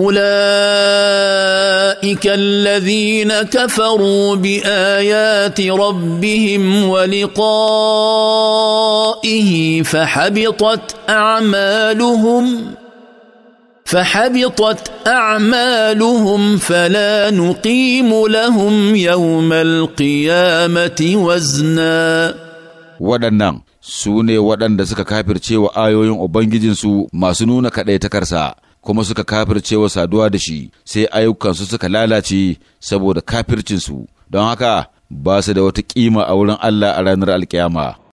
اولئك الذين كفروا بايات ربهم ولقائه فحبطت اعمالهم فحبطت اعمالهم فلا نقيم لهم يوم القيامه وزنا ودنا سوني ودنا waɗanda suka kafirce wa ayoyin ما سنونا nuna kuma suka kafirce wa saduwa da shi sai ayyukansu suka lalace saboda kafircinsu don haka ba su da wata kima a wurin Allah a ranar alkiyama.